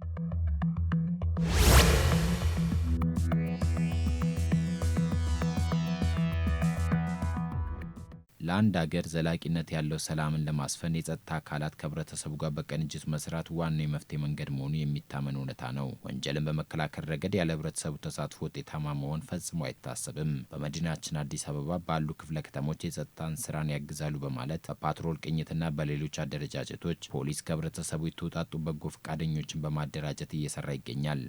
you ለአንድ አገር ዘላቂነት ያለው ሰላምን ለማስፈን የጸጥታ አካላት ከህብረተሰቡ ጋር በቅንጅት መስራት ዋናው የመፍትሄ መንገድ መሆኑ የሚታመን እውነታ ነው። ወንጀልን በመከላከል ረገድ ያለ ህብረተሰቡ ተሳትፎ ውጤታማ መሆን ፈጽሞ አይታሰብም። በመዲናችን አዲስ አበባ ባሉ ክፍለ ከተሞች የጸጥታን ስራን ያግዛሉ በማለት በፓትሮል ቅኝትና በሌሎች አደረጃጀቶች ፖሊስ ከህብረተሰቡ የተውጣጡ በጎ ፈቃደኞችን በማደራጀት እየሰራ ይገኛል።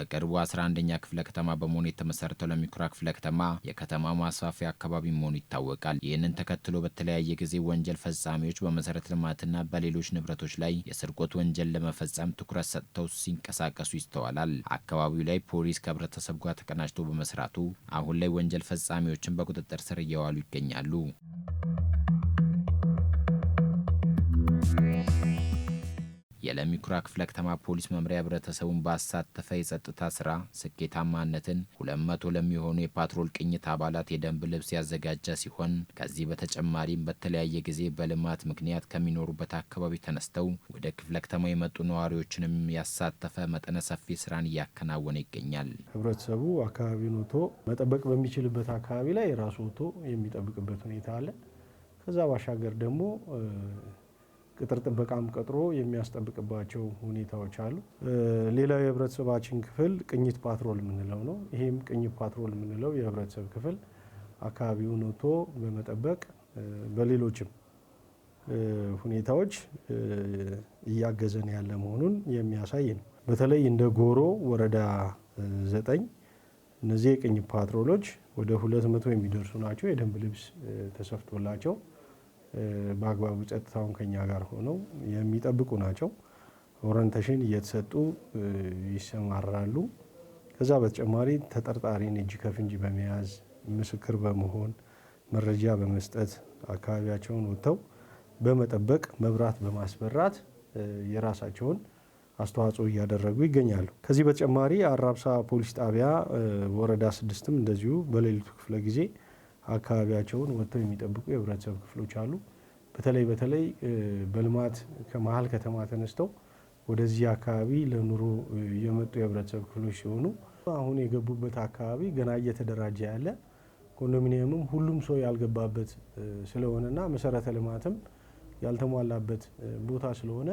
በቅርቡ 11ኛ ክፍለ ከተማ በመሆኑ የተመሰረተው ለሚኩራ ክፍለ ከተማ የከተማ ማስፋፊያ አካባቢ መሆኑ ይታወቃል። ይህንን ተከትሎ በተለያየ ጊዜ ወንጀል ፈጻሚዎች በመሰረተ ልማትና በሌሎች ንብረቶች ላይ የስርቆት ወንጀል ለመፈጸም ትኩረት ሰጥተው ሲንቀሳቀሱ ይስተዋላል። አካባቢው ላይ ፖሊስ ከህብረተሰብ ጋር ተቀናጅቶ በመስራቱ አሁን ላይ ወንጀል ፈጻሚዎችን በቁጥጥር ስር እየዋሉ ይገኛሉ። የለሚ ኩራ ክፍለ ከተማ ፖሊስ መምሪያ ህብረተሰቡን ባሳተፈ የጸጥታ ስራ ስኬታማነትን ሁለት መቶ ለሚሆኑ የፓትሮል ቅኝት አባላት የደንብ ልብስ ያዘጋጀ ሲሆን ከዚህ በተጨማሪም በተለያየ ጊዜ በልማት ምክንያት ከሚኖሩበት አካባቢ ተነስተው ወደ ክፍለ ከተማ የመጡ ነዋሪዎችንም ያሳተፈ መጠነ ሰፊ ስራን እያከናወነ ይገኛል። ህብረተሰቡ አካባቢውን ወጥቶ መጠበቅ በሚችልበት አካባቢ ላይ ራሱ ወጥቶ የሚጠብቅበት ሁኔታ አለ። ከዛ ባሻገር ደግሞ ቅጥር ጥበቃም ቀጥሮ የሚያስጠብቅባቸው ሁኔታዎች አሉ። ሌላው የህብረተሰባችን ክፍል ቅኝት ፓትሮል የምንለው ነው። ይህም ቅኝት ፓትሮል የምንለው የህብረተሰብ ክፍል አካባቢውን ወጥቶ በመጠበቅ በሌሎችም ሁኔታዎች እያገዘን ያለ መሆኑን የሚያሳይ ነው። በተለይ እንደ ጎሮ ወረዳ ዘጠኝ እነዚህ የቅኝት ፓትሮሎች ወደ ሁለት መቶ የሚደርሱ ናቸው። የደንብ ልብስ ተሰፍቶላቸው በአግባቡ ጸጥታውን ከኛ ጋር ሆነው የሚጠብቁ ናቸው። ኦረንቴሽን እየተሰጡ ይሰማራሉ። ከዛ በተጨማሪ ተጠርጣሪን እጅ ከፍንጅ በመያዝ ምስክር በመሆን መረጃ በመስጠት አካባቢያቸውን ወጥተው በመጠበቅ መብራት በማስበራት የራሳቸውን አስተዋጽኦ እያደረጉ ይገኛሉ። ከዚህ በተጨማሪ አራብሳ ፖሊስ ጣቢያ ወረዳ ስድስትም እንደዚሁ በሌሊቱ ክፍለ ጊዜ አካባቢያቸውን ወጥተው የሚጠብቁ የህብረተሰብ ክፍሎች አሉ። በተለይ በተለይ በልማት ከመሀል ከተማ ተነስተው ወደዚህ አካባቢ ለኑሮ የመጡ የህብረተሰብ ክፍሎች ሲሆኑ አሁን የገቡበት አካባቢ ገና እየተደራጀ ያለ ኮንዶሚኒየምም ሁሉም ሰው ያልገባበት ስለሆነና መሰረተ ልማትም ያልተሟላበት ቦታ ስለሆነ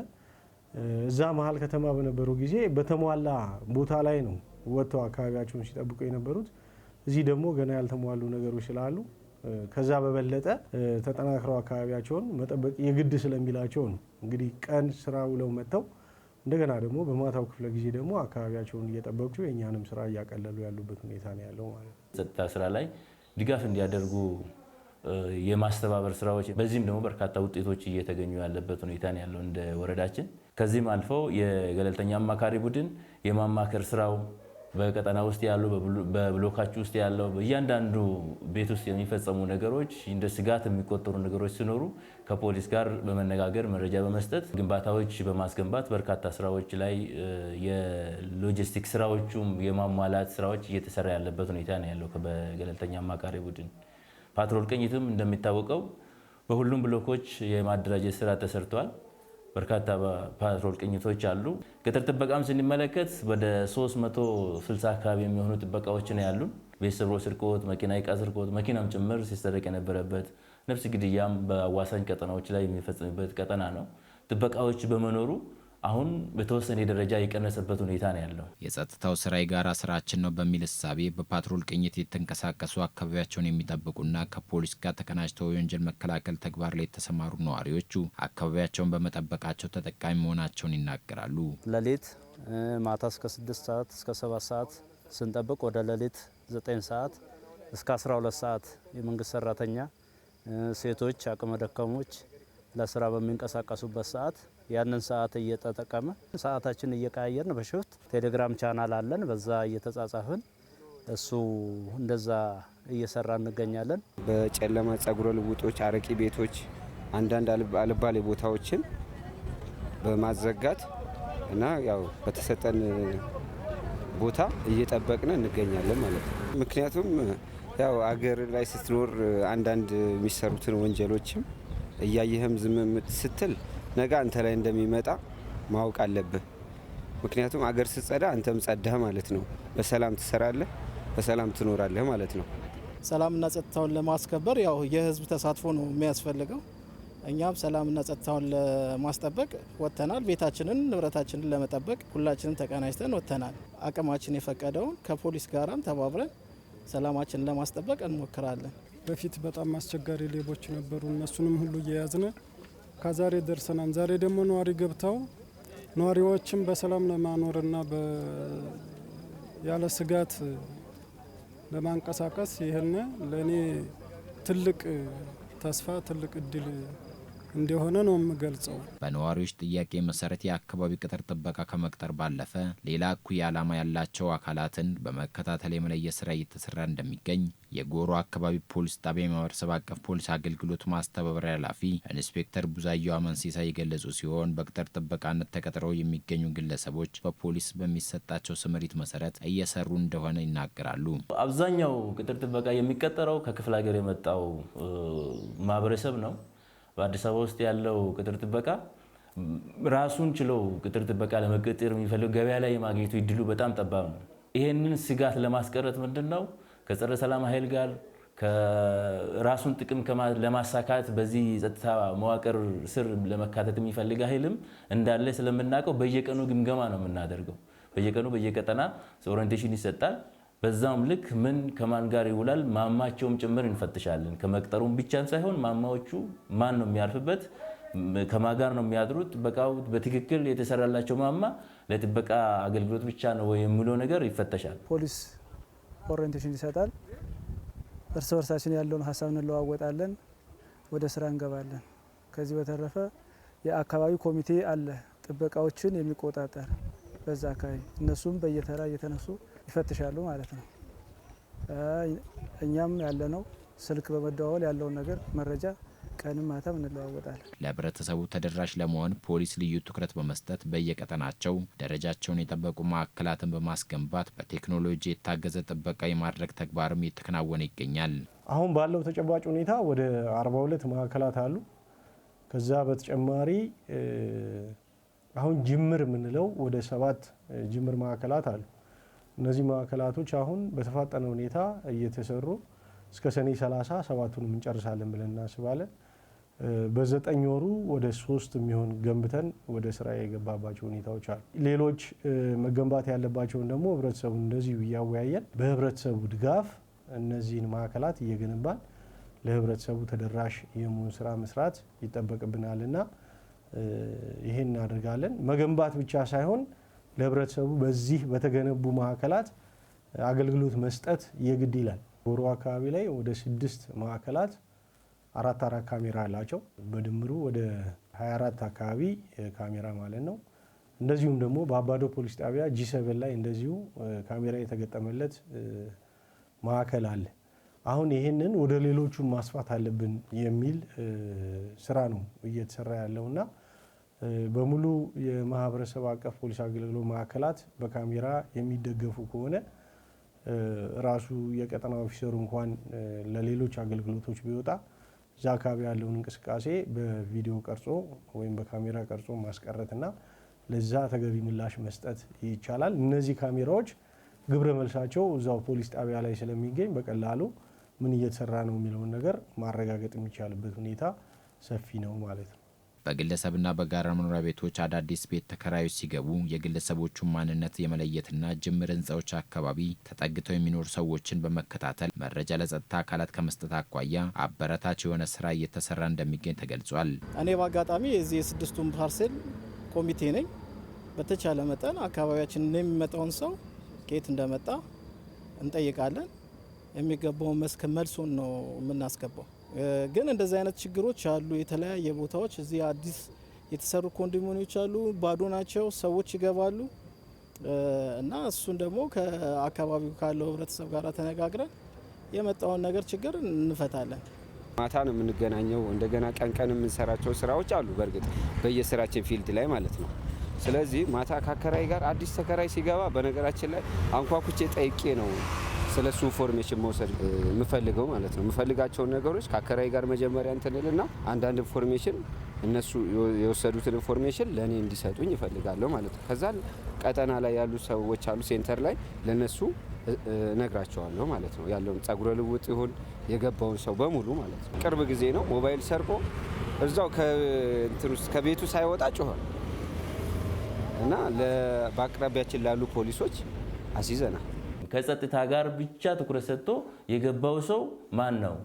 እዛ መሀል ከተማ በነበሩ ጊዜ በተሟላ ቦታ ላይ ነው ወጥተው አካባቢያቸውን ሲጠብቁ የነበሩት። እዚህ ደግሞ ገና ያልተሟሉ ነገሮች ስላሉ ከዛ በበለጠ ተጠናክረው አካባቢያቸውን መጠበቅ የግድ ስለሚላቸው ነው። እንግዲህ ቀን ስራ ውለው መጥተው እንደገና ደግሞ በማታው ክፍለ ጊዜ ደግሞ አካባቢያቸውን እየጠበቁ የእኛንም ስራ እያቀለሉ ያሉበት ሁኔታ ነው ያለው ማለት ነው። ጸጥታ ስራ ላይ ድጋፍ እንዲያደርጉ የማስተባበር ስራዎች፣ በዚህም ደግሞ በርካታ ውጤቶች እየተገኙ ያለበት ሁኔታ ነው ያለው እንደ ወረዳችን። ከዚህም አልፈው የገለልተኛ አማካሪ ቡድን የማማከር ስራው በቀጠና ውስጥ ያለው በብሎካችሁ ውስጥ ያለው እያንዳንዱ ቤት ውስጥ የሚፈጸሙ ነገሮች እንደ ስጋት የሚቆጠሩ ነገሮች ሲኖሩ ከፖሊስ ጋር በመነጋገር መረጃ በመስጠት ግንባታዎች በማስገንባት በርካታ ስራዎች ላይ የሎጂስቲክ ስራዎቹም የማሟላት ስራዎች እየተሰራ ያለበት ሁኔታ ነው ያለው በገለልተኛ አማካሪ ቡድን። ፓትሮል ቅኝትም እንደሚታወቀው በሁሉም ብሎኮች የማደራጀት ስራ ተሰርቷል። በርካታ ፓትሮል ቅኝቶች አሉ። ቅጥር ጥበቃም ስንመለከት ወደ 360 አካባቢ የሚሆኑ ጥበቃዎች ነው ያሉን። ቤት ስርቆት፣ መኪና ዕቃ ስርቆት፣ መኪናም ጭምር ሲሰረቅ የነበረበት ነፍስ ግድያም በአዋሳኝ ቀጠናዎች ላይ የሚፈጽምበት ቀጠና ነው። ጥበቃዎች በመኖሩ አሁን በተወሰነ ደረጃ የቀነሰበት ሁኔታ ነው ያለው። የጸጥታው ስራ የጋራ ስራችን ነው በሚል እሳቤ በፓትሮል ቅኝት የተንቀሳቀሱ አካባቢያቸውን የሚጠብቁና ከፖሊስ ጋር ተቀናጅተው የወንጀል መከላከል ተግባር ላይ የተሰማሩ ነዋሪዎቹ አካባቢያቸውን በመጠበቃቸው ተጠቃሚ መሆናቸውን ይናገራሉ። ሌሊት ማታ እስከ 6 ሰዓት እስከ 7 ሰዓት ስንጠብቅ ወደ ሌሊት 9 ሰዓት እስከ ሁለት ሰዓት የመንግስት ሰራተኛ፣ ሴቶች፣ አቅመ ደካሞች ለስራ በሚንቀሳቀሱበት ሰዓት ያንን ሰዓት እየተጠቀመ ሰዓታችን እየቀያየርን በሽፍት ቴሌግራም ቻናል አለን። በዛ እየተጻጻፍን እሱ እንደዛ እየሰራ እንገኛለን። በጨለማ ጸጉረ ልውጦች፣ አረቂ ቤቶች፣ አንዳንድ አልባሌ ቦታዎችን በማዘጋት እና ያው በተሰጠን ቦታ እየጠበቅን እንገኛለን ማለት ነው። ምክንያቱም ያው አገር ላይ ስትኖር አንዳንድ የሚሰሩትን ወንጀሎችም እያየህም ዝም ስትል ነገ አንተ ላይ እንደሚመጣ ማወቅ አለብህ። ምክንያቱም አገር ስትጸዳ አንተም ጸዳህ ማለት ነው። በሰላም ትሰራለህ፣ በሰላም ትኖራለህ ማለት ነው። ሰላምና ጸጥታውን ለማስከበር ያው የህዝብ ተሳትፎ ነው የሚያስፈልገው። እኛም ሰላምና ጸጥታውን ለማስጠበቅ ወጥተናል። ቤታችንን ንብረታችንን ለመጠበቅ ሁላችንም ተቀናጅተን ወጥተናል። አቅማችን የፈቀደውን ከፖሊስ ጋራም ተባብረን ሰላማችንን ለማስጠበቅ እንሞክራለን። በፊት በጣም አስቸጋሪ ሌቦች ነበሩ። እነሱንም ሁሉ እየያዝነ ከዛሬ ደርሰናል። ዛሬ ደግሞ ነዋሪ ገብተው ነዋሪዎችን በሰላም ለማኖርና ያለ ስጋት ለማንቀሳቀስ ይህን ለእኔ ትልቅ ተስፋ ትልቅ እድል እንደሆነ ነው የምገልጸው። በነዋሪዎች ጥያቄ መሰረት የአካባቢ ቅጥር ጥበቃ ከመቅጠር ባለፈ ሌላ እኩይ ዓላማ ያላቸው አካላትን በመከታተል የመለየት ስራ እየተሰራ እንደሚገኝ የጎሮ አካባቢ ፖሊስ ጣቢያ የማህበረሰብ አቀፍ ፖሊስ አገልግሎት ማስተባበሪያ ኃላፊ ኢንስፔክተር ቡዛየው አመንሲሳ የገለጹ ሲሆን በቅጥር ጥበቃነት ተቀጥረው የሚገኙ ግለሰቦች በፖሊስ በሚሰጣቸው ስምሪት መሰረት እየሰሩ እንደሆነ ይናገራሉ። አብዛኛው ቅጥር ጥበቃ የሚቀጠረው ከክፍለ ሀገር የመጣው ማህበረሰብ ነው። በአዲስ አበባ ውስጥ ያለው ቅጥር ጥበቃ ራሱን ችለው ቅጥር ጥበቃ ለመቀጠር የሚፈልገው ገበያ ላይ የማግኘቱ ይድሉ በጣም ጠባብ ነው። ይህንን ስጋት ለማስቀረት ምንድን ነው ከጸረ ሰላም ኃይል ጋር ራሱን ጥቅም ለማሳካት በዚህ ጸጥታ መዋቅር ስር ለመካተት የሚፈልግ ኃይልም እንዳለ ስለምናውቀው በየቀኑ ግምገማ ነው የምናደርገው። በየቀኑ በየቀጠና ኦሪንቴሽን ይሰጣል። በዛም ልክ ምን ከማን ጋር ይውላል ማማቸውም ጭምር እንፈትሻለን። ከመቅጠሩም ብቻን ሳይሆን ማማዎቹ ማን ነው የሚያርፍበት፣ ከማ ጋር ነው የሚያድሩት፣ ጥበቃው በትክክል የተሰራላቸው ማማ ለጥበቃ አገልግሎት ብቻ ነው የሚለው ነገር ይፈተሻል። ፖሊስ ኦሪንቴሽን ይሰጣል። እርስ በርሳችን ያለውን ሀሳብ እንለዋወጣለን። ወደ ስራ እንገባለን። ከዚህ በተረፈ የአካባቢ ኮሚቴ አለ፣ ጥበቃዎችን የሚቆጣጠር በዛ አካባቢ እነሱም በየተራ እየተነሱ ይፈትሻሉ ማለት ነው። እኛም ያለነው ስልክ በመደዋወል ያለውን ነገር መረጃ ቀንም ማታም እንለዋወጣለን። ለህብረተሰቡ ተደራሽ ለመሆን ፖሊስ ልዩ ትኩረት በመስጠት በየቀጠናቸው ደረጃቸውን የጠበቁ ማዕከላትን በማስገንባት በቴክኖሎጂ የታገዘ ጥበቃ የማድረግ ተግባርም እየተከናወነ ይገኛል። አሁን ባለው ተጨባጭ ሁኔታ ወደ 42 ማዕከላት አሉ። ከዛ በተጨማሪ አሁን ጅምር የምንለው ወደ ሰባት ጅምር ማዕከላት አሉ። እነዚህ ማዕከላቶች አሁን በተፋጠነ ሁኔታ እየተሰሩ እስከ ሰኔ 30 ሰባቱንም እንጨርሳለን ብለን እናስባለን። በዘጠኝ ወሩ ወደ ሶስት የሚሆን ገንብተን ወደ ስራ የገባባቸው ሁኔታዎች አሉ። ሌሎች መገንባት ያለባቸውን ደግሞ ህብረተሰቡ እንደዚሁ እያወያየን በህብረተሰቡ ድጋፍ እነዚህን ማዕከላት እየገነባን ለህብረተሰቡ ተደራሽ የመሆን ስራ መስራት ይጠበቅብናልና ይህን እናደርጋለን። መገንባት ብቻ ሳይሆን ለህብረተሰቡ በዚህ በተገነቡ ማዕከላት አገልግሎት መስጠት የግድ ይላል። ጎሮ አካባቢ ላይ ወደ ስድስት ማዕከላት አራት አራት ካሜራ አላቸው። በድምሩ ወደ 24 አካባቢ ካሜራ ማለት ነው። እንደዚሁም ደግሞ በአባዶ ፖሊስ ጣቢያ ጂ ላይ እንደዚሁ ካሜራ የተገጠመለት ማዕከል አለ። አሁን ይህንን ወደ ሌሎቹ ማስፋት አለብን የሚል ስራ ነው እየተሰራ ያለውና በሙሉ የማህበረሰብ አቀፍ ፖሊስ አገልግሎት ማዕከላት በካሜራ የሚደገፉ ከሆነ ራሱ የቀጠና ኦፊሰሩ እንኳን ለሌሎች አገልግሎቶች ቢወጣ እዛ አካባቢ ያለውን እንቅስቃሴ በቪዲዮ ቀርጾ ወይም በካሜራ ቀርጾ ማስቀረትና ለዛ ተገቢ ምላሽ መስጠት ይቻላል። እነዚህ ካሜራዎች ግብረ መልሳቸው እዛው ፖሊስ ጣቢያ ላይ ስለሚገኝ በቀላሉ ምን እየተሰራ ነው የሚለውን ነገር ማረጋገጥ የሚቻልበት ሁኔታ ሰፊ ነው ማለት ነው። በግለሰብና በጋራ መኖሪያ ቤቶች አዳዲስ ቤት ተከራዮች ሲገቡ የግለሰቦቹን ማንነት የመለየትና ጅምር ሕንፃዎች አካባቢ ተጠግተው የሚኖሩ ሰዎችን በመከታተል መረጃ ለጸጥታ አካላት ከመስጠት አኳያ አበረታች የሆነ ስራ እየተሰራ እንደሚገኝ ተገልጿል። እኔ በአጋጣሚ የዚህ የስድስቱን ፓርሴል ኮሚቴ ነኝ። በተቻለ መጠን አካባቢያችን የሚመጣውን ሰው ከየት እንደመጣ እንጠይቃለን። የሚገባውን መስክ መልሱን ነው የምናስገባው። ግን እንደዚህ አይነት ችግሮች አሉ። የተለያየ ቦታዎች እዚህ አዲስ የተሰሩ ኮንዶሚኒዎች አሉ፣ ባዶ ናቸው፣ ሰዎች ይገባሉ እና እሱን ደግሞ ከአካባቢው ካለው ህብረተሰብ ጋር ተነጋግረን የመጣውን ነገር ችግር እንፈታለን። ማታ ነው የምንገናኘው። እንደገና ቀን ቀን የምንሰራቸው ስራዎች አሉ፣ በእርግጥ በየስራችን ፊልድ ላይ ማለት ነው። ስለዚህ ማታ ከአከራይ ጋር አዲስ ተከራይ ሲገባ፣ በነገራችን ላይ አንኳኩቼ ጠይቄ ነው ስለ እሱ ኢንፎርሜሽን መውሰድ የምፈልገው ማለት ነው። የምፈልጋቸውን ነገሮች ከአከራይ ጋር መጀመሪያ እንትንልና አንዳንድ ኢንፎርሜሽን እነሱ የወሰዱትን ኢንፎርሜሽን ለእኔ እንዲሰጡኝ ይፈልጋለሁ ማለት ነው። ከዛ ቀጠና ላይ ያሉ ሰዎች አሉ፣ ሴንተር ላይ ለነሱ እነግራቸዋለሁ ማለት ነው። ያለውን ጸጉረ ልውጥ ይሁን የገባውን ሰው በሙሉ ማለት ነው። ቅርብ ጊዜ ነው ሞባይል ሰርቆ እዛው ከቤቱ ሳይወጣ ጮኸ እና በአቅራቢያችን ላሉ ፖሊሶች አስይዘናል። ከጸጥታ ጋር ብቻ ትኩረት ሰጥቶ የገባው ሰው ማን ነው?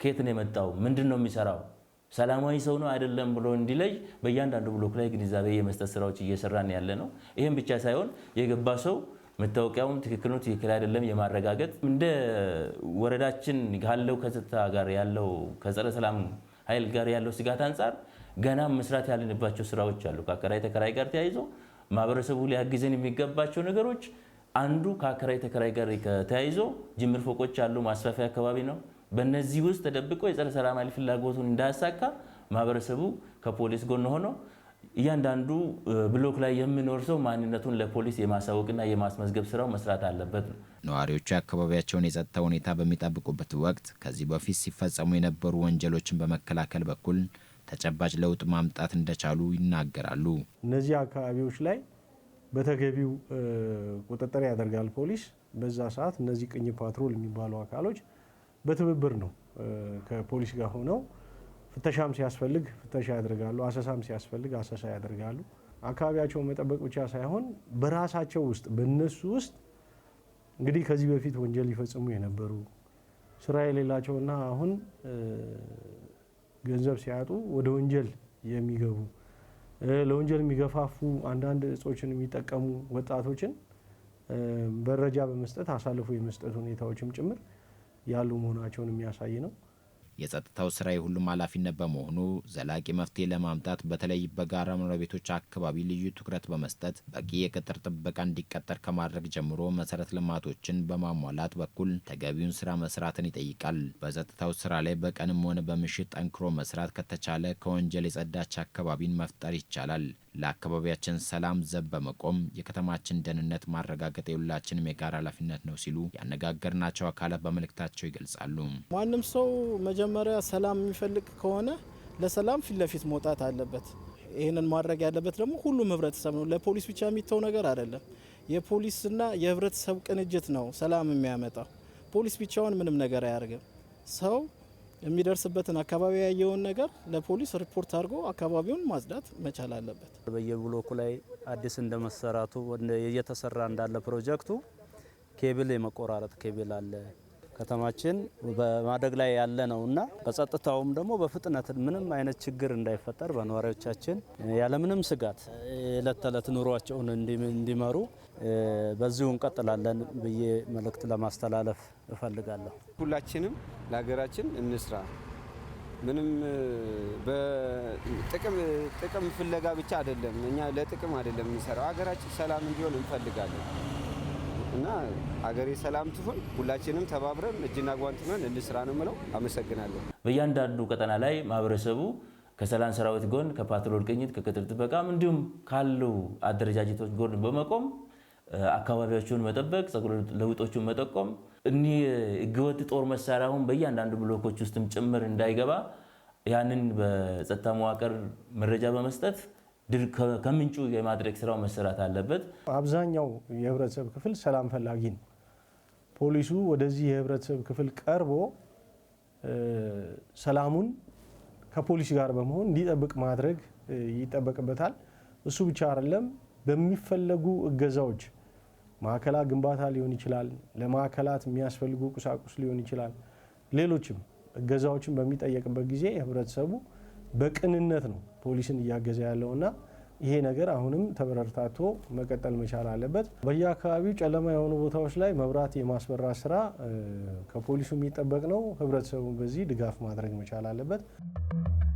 ከየት ነው የመጣው? ምንድን ነው የሚሰራው? ሰላማዊ ሰው ነው አይደለም ብሎ እንዲለይ በእያንዳንዱ ብሎክ ላይ ግንዛቤ የመስጠት ስራዎች እየሰራን ያለ ነው። ይህም ብቻ ሳይሆን የገባ ሰው መታወቂያውም ትክክል ነው ትክክል አይደለም የማረጋገጥ እንደ ወረዳችን ካለው ከጸጥታ ጋር ያለው ከጸረ ሰላም ኃይል ጋር ያለው ስጋት አንጻር ገና መስራት ያለንባቸው ስራዎች አሉ። ከአከራይ ተከራይ ጋር ተያይዞ ማህበረሰቡ ሊያግዘን የሚገባቸው ነገሮች አንዱ ከአከራይ ተከራይ ጋር ተያይዞ ጅምር ፎቆች አሉ፣ ማስፋፊያ አካባቢ ነው። በእነዚህ ውስጥ ተደብቆ የጸረ ሰላም ኃይል ፍላጎቱን እንዳያሳካ ማህበረሰቡ ከፖሊስ ጎን ሆኖ እያንዳንዱ ብሎክ ላይ የሚኖር ሰው ማንነቱን ለፖሊስ የማሳወቅና የማስመዝገብ ስራው መስራት አለበት ነው። ነዋሪዎቹ የአካባቢያቸውን የጸጥታ ሁኔታ በሚጠብቁበት ወቅት ከዚህ በፊት ሲፈጸሙ የነበሩ ወንጀሎችን በመከላከል በኩል ተጨባጭ ለውጥ ማምጣት እንደቻሉ ይናገራሉ። እነዚህ አካባቢዎች ላይ በተገቢው ቁጥጥር ያደርጋል ፖሊስ። በዛ ሰዓት እነዚህ ቅኝ ፓትሮል የሚባሉ አካሎች በትብብር ነው ከፖሊስ ጋር ሆነው ፍተሻም ሲያስፈልግ ፍተሻ ያደርጋሉ፣ አሰሳም ሲያስፈልግ አሰሳ ያደርጋሉ። አካባቢያቸውን መጠበቅ ብቻ ሳይሆን በራሳቸው ውስጥ በእነሱ ውስጥ እንግዲህ ከዚህ በፊት ወንጀል ሊፈጽሙ የነበሩ ስራ የሌላቸውና አሁን ገንዘብ ሲያጡ ወደ ወንጀል የሚገቡ ለወንጀል የሚገፋፉ አንዳንድ እጾችን የሚጠቀሙ ወጣቶችን መረጃ በመስጠት አሳልፎ የመስጠት ሁኔታዎችም ጭምር ያሉ መሆናቸውን የሚያሳይ ነው። የጸጥታው ስራ የሁሉም ኃላፊነት በመሆኑ ዘላቂ መፍትሄ ለማምጣት በተለይ በጋራ መኖሪያ ቤቶች አካባቢ ልዩ ትኩረት በመስጠት በቂ የቅጥር ጥበቃ እንዲቀጠር ከማድረግ ጀምሮ መሰረተ ልማቶችን በማሟላት በኩል ተገቢውን ስራ መስራትን ይጠይቃል። በጸጥታው ስራ ላይ በቀንም ሆነ በምሽት ጠንክሮ መስራት ከተቻለ ከወንጀል የጸዳች አካባቢን መፍጠር ይቻላል። ለአካባቢያችን ሰላም ዘብ በመቆም የከተማችን ደህንነት ማረጋገጥ የሁላችንም የጋራ ኃላፊነት ነው ሲሉ ያነጋገርናቸው አካላት በመልእክታቸው ይገልጻሉ። ማንም ሰው መጀመሪያ ሰላም የሚፈልግ ከሆነ ለሰላም ፊት ለፊት መውጣት አለበት። ይህንን ማድረግ ያለበት ደግሞ ሁሉም ህብረተሰብ ነው። ለፖሊስ ብቻ የሚተው ነገር አይደለም። የፖሊስና የህብረተሰብ ቅንጅት ነው ሰላም የሚያመጣው። ፖሊስ ብቻውን ምንም ነገር አያደርግም። ሰው የሚደርስበትን አካባቢ ያየውን ነገር ለፖሊስ ሪፖርት አድርጎ አካባቢውን ማጽዳት መቻል አለበት። በየብሎኩ ላይ አዲስ እንደመሰራቱ እየተሰራ እንዳለ ፕሮጀክቱ ኬብል የመቆራረጥ ኬብል አለ። ከተማችን በማደግ ላይ ያለ ነው እና በጸጥታውም ደግሞ በፍጥነት ምንም አይነት ችግር እንዳይፈጠር በነዋሪዎቻችን ያለምንም ስጋት የዕለት ተዕለት ኑሯቸውን እንዲመሩ በዚሁ እንቀጥላለን ብዬ መልእክት ለማስተላለፍ እፈልጋለሁ። ሁላችንም ለሀገራችን እንስራ። ምንም በጥቅም ጥቅም ፍለጋ ብቻ አይደለም። እኛ ለጥቅም አይደለም የምንሰራው፣ ሀገራችን ሰላም እንዲሆን እንፈልጋለን እና አገሬ ሰላም ትሁን። ሁላችንም ተባብረን እጅና ጓንት ሆነን እንስራ ነው የምለው። አመሰግናለሁ። በእያንዳንዱ ቀጠና ላይ ማህበረሰቡ ከሰላም ሰራዊት ጎን፣ ከፓትሮል ቅኝት፣ ከቅጥር ጥበቃም እንዲሁም ካሉ አደረጃጀቶች ጎን በመቆም አካባቢያቸውን መጠበቅ፣ ጸጉር ለውጦቹን መጠቆም፣ እኒህ ህገወጥ ጦር መሳሪያ አሁን በእያንዳንዱ ብሎኮች ውስጥም ጭምር እንዳይገባ ያንን በጸጥታ መዋቅር መረጃ በመስጠት ከምንጩ የማድረግ ስራው መሰራት አለበት። አብዛኛው የህብረተሰብ ክፍል ሰላም ፈላጊ ነው። ፖሊሱ ወደዚህ የህብረተሰብ ክፍል ቀርቦ ሰላሙን ከፖሊስ ጋር በመሆን እንዲጠብቅ ማድረግ ይጠበቅበታል። እሱ ብቻ አይደለም በሚፈለጉ እገዛዎች ማዕከላት ግንባታ ሊሆን ይችላል፣ ለማዕከላት የሚያስፈልጉ ቁሳቁስ ሊሆን ይችላል፣ ሌሎችም እገዛዎችን በሚጠየቅበት ጊዜ ህብረተሰቡ በቅንነት ነው ፖሊስን እያገዘ ያለው እና ይሄ ነገር አሁንም ተበረርታቶ መቀጠል መቻል አለበት። በየአካባቢው ጨለማ የሆኑ ቦታዎች ላይ መብራት የማስበራ ስራ ከፖሊሱ የሚጠበቅ ነው። ህብረተሰቡን በዚህ ድጋፍ ማድረግ መቻል አለበት።